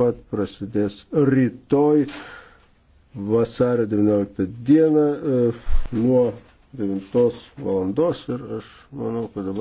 pat prasidės rytoj vasario 19 dieną e, nuo 9 valandos ir aš manau, kad dabar